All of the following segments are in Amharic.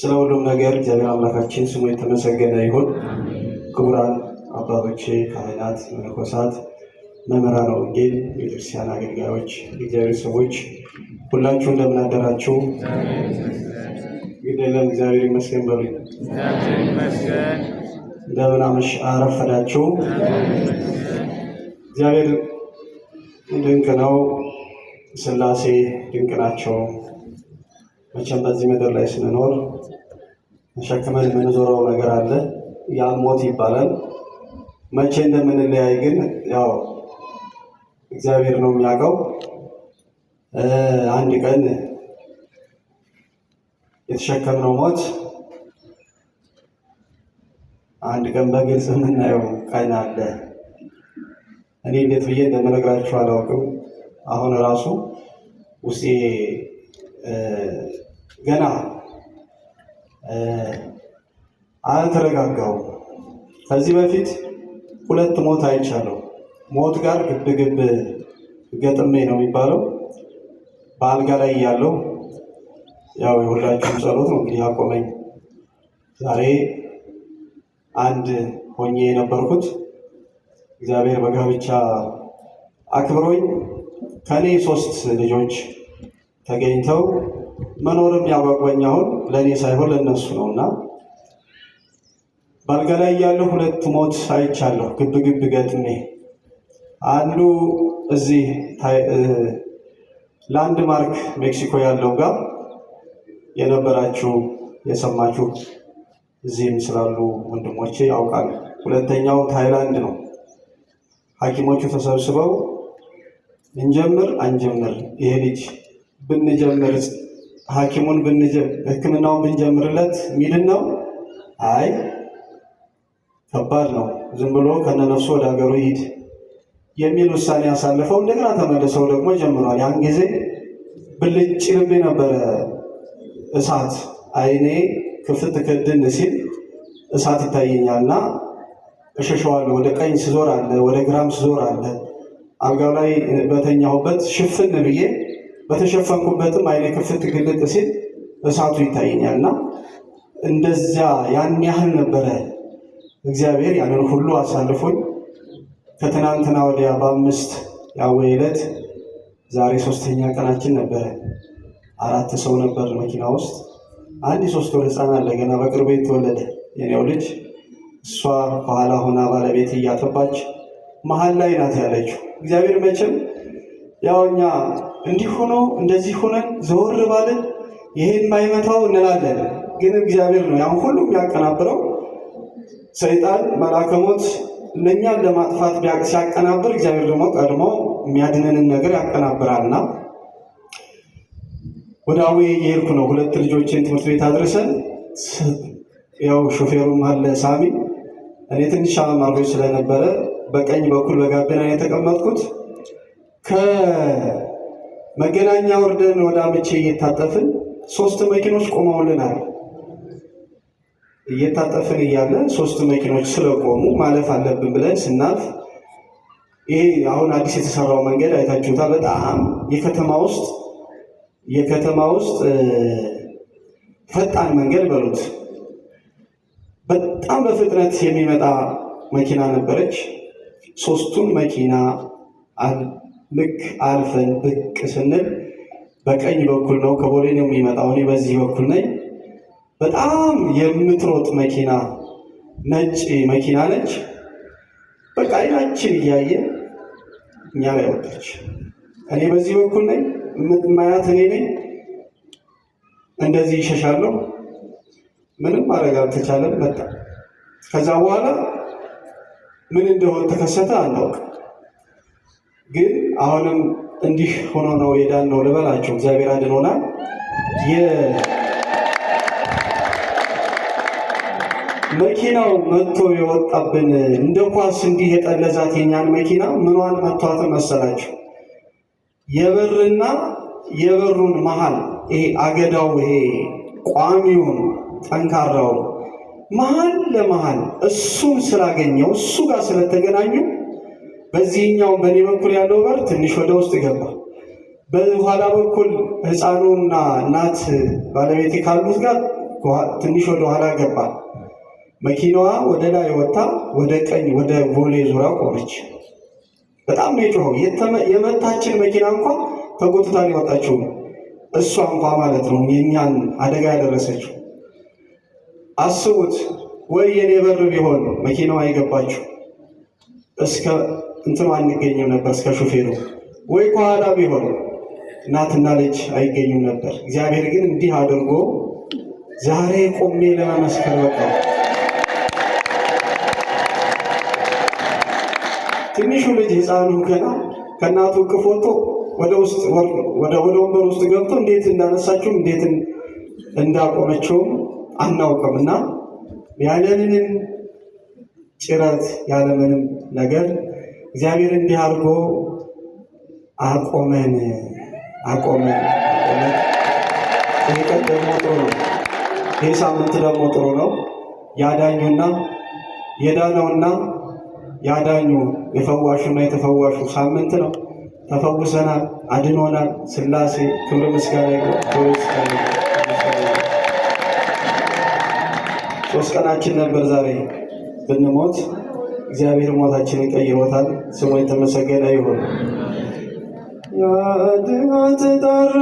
ስለ ሁሉም ነገር እግዚአብሔር አምላካችን ስሙ የተመሰገነ ይሁን። ክቡራን አባቶቼ፣ ካህናት፣ መነኮሳት፣ መምህራነ ወንጌል፣ የቤተክርስቲያን አገልጋዮች፣ እግዚአብሔር ሰዎች ሁላችሁ እንደምን አደራችሁ? ግደለም እግዚአብሔር ይመስገን በሉ። እንደምን አረፈዳችሁ? እግዚአብሔር ድንቅ ነው። ስላሴ ድንቅ ናቸው። መቼም በዚህ ምድር ላይ ስንኖር መሸክመን የምንዞረው ነገር አለ። ያም ሞት ይባላል። መቼ እንደምንለያይ ግን ያው እግዚአብሔር ነው የሚያውቀው። አንድ ቀን የተሸከምነው ሞት አንድ ቀን በግልጽ የምናየው ቀን አለ። እኔ እንዴት ብዬ እንደምነግራችሁ አላውቅም። አሁን ራሱ ውስጤ ገና አልተረጋጋውም። ከዚህ በፊት ሁለት ሞት አይቻለሁ። ሞት ጋር ግብግብ ገጥሜ ነው የሚባለው። በአልጋ ላይ እያለሁ ያው የሁላችሁም ጸሎት ነው እንግዲህ ያቆመኝ። ዛሬ አንድ ሆኜ የነበርኩት እግዚአብሔር በጋብቻ አክብሮኝ ከኔ ሶስት ልጆች ተገኝተው መኖርም ያበቆኝ አሁን ለእኔ ሳይሆን ለእነሱ ነው እና ባልጋ ላይ ያለው ሁለት ሞት አይቻለሁ ግብ ግብ ገጥሜ አንዱ እዚህ ላንድ ማርክ ሜክሲኮ ያለው ጋር የነበራችሁ የሰማችሁ እዚህም ስላሉ ወንድሞቼ ያውቃል። ሁለተኛው ታይላንድ ነው። ሐኪሞቹ ተሰብስበው እንጀምር አንጀምር ይሄ ልጅ ብንጀምር ሐኪሙን ህክምናውን ብንጀምርለት ሚድን ነው? አይ ከባድ ነው፣ ዝም ብሎ ከነነፍሱ ወደ ሀገሩ ይሂድ የሚል ውሳኔ አሳልፈው እንደገና ተመልሰው ደግሞ ጀምሯል። ያን ጊዜ ብልጭ ልብ የነበረ እሳት አይኔ ክፍት ክድን ሲል እሳት ይታየኛል እና እሸሸዋለሁ። ወደ ቀኝ ስዞር አለ፣ ወደ ግራም ስዞር አለ። አልጋው ላይ በተኛሁበት ሽፍን ብዬ በተሸፈንኩበትም አይኔ ክፍት ግልጥ ሲል እሳቱ ይታየኛል እና እንደዚያ ያን ያህል ነበረ። እግዚአብሔር ያንን ሁሉ አሳልፎኝ ከትናንትና ወዲያ በአምስት ያወ ዕለት ዛሬ ሶስተኛ ቀናችን ነበረ። አራት ሰው ነበር መኪና ውስጥ። አንድ የሶስት ወር ህፃን አለ ገና በቅርቡ የተወለደ የኔው ልጅ። እሷ ከኋላ ሆና ባለቤት እያጠባች መሀል ላይ ናት ያለችው። እግዚአብሔር መቼም ያው እኛ እንዲህ ሆኖ እንደዚህ ሆነን ዘወር ባልን ይሄን ማይመታው እንላለን። ግን እግዚአብሔር ነው ያን ሁሉ የሚያቀናብረው። ሰይጣን መልአከ ሞት ለማጥፋት ሲያቀናብር፣ እግዚአብሔር ደግሞ ቀድሞ የሚያድነንን ነገር ያቀናብራልና ወደ አዌ እየሄድኩ ነው። ሁለት ልጆችን ትምህርት ቤት አድርሰን ያው ሾፌሩም አለ ሳሚ። እኔ ትንሽ አማርጎች ስለነበረ በቀኝ በኩል በጋቢና የተቀመጥኩት ከ መገናኛ ወርደን ወደ አመቼ እየታጠፍን ሶስት መኪኖች ቆመውልናል። እየታጠፍን እያለ ሶስት መኪኖች ስለቆሙ ማለፍ አለብን ብለን ስናልፍ ይሄ አሁን አዲስ የተሰራው መንገድ አይታችሁታል። በጣም የከተማ ውስጥ የከተማ ውስጥ ፈጣን መንገድ በሉት በጣም በፍጥነት የሚመጣ መኪና ነበረች። ሶስቱን መኪና ልክ አልፈን ብቅ ስንል በቀኝ በኩል ነው ከቦሌ ነው የሚመጣው፣ እኔ በዚህ በኩል ነኝ። በጣም የምትሮጥ መኪና ነጭ መኪና ነች። በቃ አይናችን እያየ እኛ ላይ ወጣች። እኔ በዚህ በኩል ነኝ፣ ማያት እኔ ነኝ። እንደዚህ ይሸሻለሁ። ምንም ማድረግ አልተቻለም። መጣ። ከዛ በኋላ ምን እንደሆነ ተከሰተ አናውቅ ግን አሁንም እንዲህ ሆኖ ነው የዳን ነው ልበላቸው። እግዚአብሔር አድኖናል። መኪናው መጥቶ የወጣብን እንደ ኳስ እንዲህ የጠለዛት የኛን መኪና ምኗን መቷት መሰላችሁ? የበርና የበሩን መሀል ይሄ አገዳው ይሄ ቋሚውን ጠንካራው መሀል ለመሀል እሱን ስላገኘው እሱ ጋር ስለተገናኙ በዚህኛው በእኔ በኩል ያለው በር ትንሽ ወደ ውስጥ ገባ። በኋላ በኩል ህፃኑና እናት ባለቤት ካሉት ጋር ትንሽ ወደ ኋላ ገባ። መኪናዋ ወደ ላይ ወጥታ ወደ ቀኝ ወደ ቦሌ ዙሪያ ቆመች። በጣም ነው የጮኸው። የመታችን መኪና እንኳ ተጎትታ የወጣችው እሷ እንኳ ማለት ነው የእኛን አደጋ ያደረሰችው። አስቡት ወይ የኔ በር ቢሆን መኪናዋ የገባችው እስከ እንትኑ አንገኝም ነበር እስከ ሹፌሩ ወይ ከኋላ ቢሆን እናትና ልጅ አይገኙም ነበር። እግዚአብሔር ግን እንዲህ አድርጎ ዛሬ ቆሜ ለመመስከር በቃ ትንሹ ልጅ ህፃኑ ገና ከእናቱ እቅፍ ወጥቶ ወደ ውስጥ ወደ ወንበር ውስጥ ገብቶ እንዴት እንዳነሳችሁም እንዴት እንዳቆመችውም አናውቅም እና ያለምንም ጭረት ያለምንም ነገር እግዚአብሔር እንዲህ አድርጎ አቆመን አቆመን። ይህ ቀን ደግሞ ጥሩ ነው። ይህ ሳምንት ደግሞ ጥሩ ነው። ያዳኙና የዳነውና ያዳኙ የፈዋሹና የተፈዋሹ ሳምንት ነው። ተፈውሰናል፣ አድኖናል። ስላሴ ክብር ምስጋና ሶስት ቀናችን ነበር ዛሬ ብንሞት እግዚአብሔር ሞታችንን ቀይሮታል። ስሙ የተመሰገነ ይሁን። ያድናት ጠራ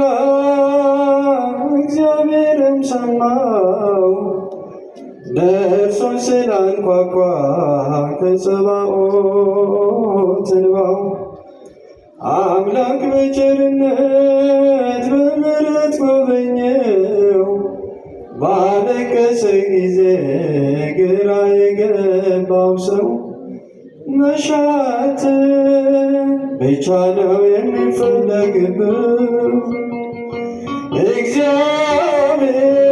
እግዚአብሔርም ሰማው። ስላን ኳኳ ከጸባኦት እንባው አምላክ በቸርነት በምሕረት ጎበኘው። ባለቀሰ ጊዜ ግራ የገባው ሰው መሻት ብቻ ነው የሚፈለግበት እግዚአብሔር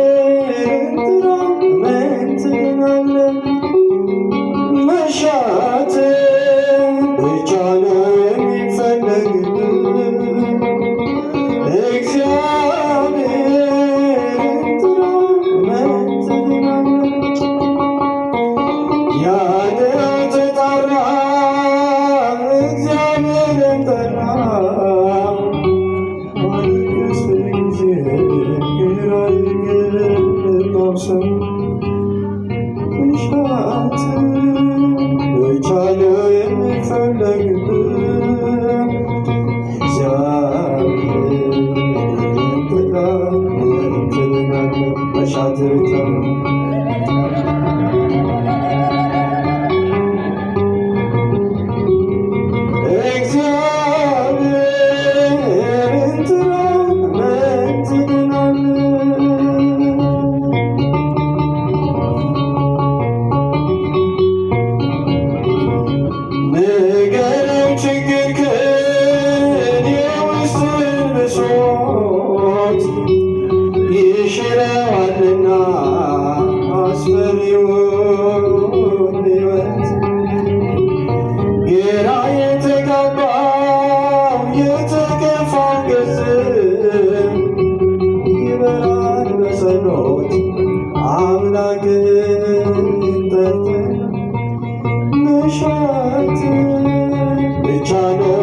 to.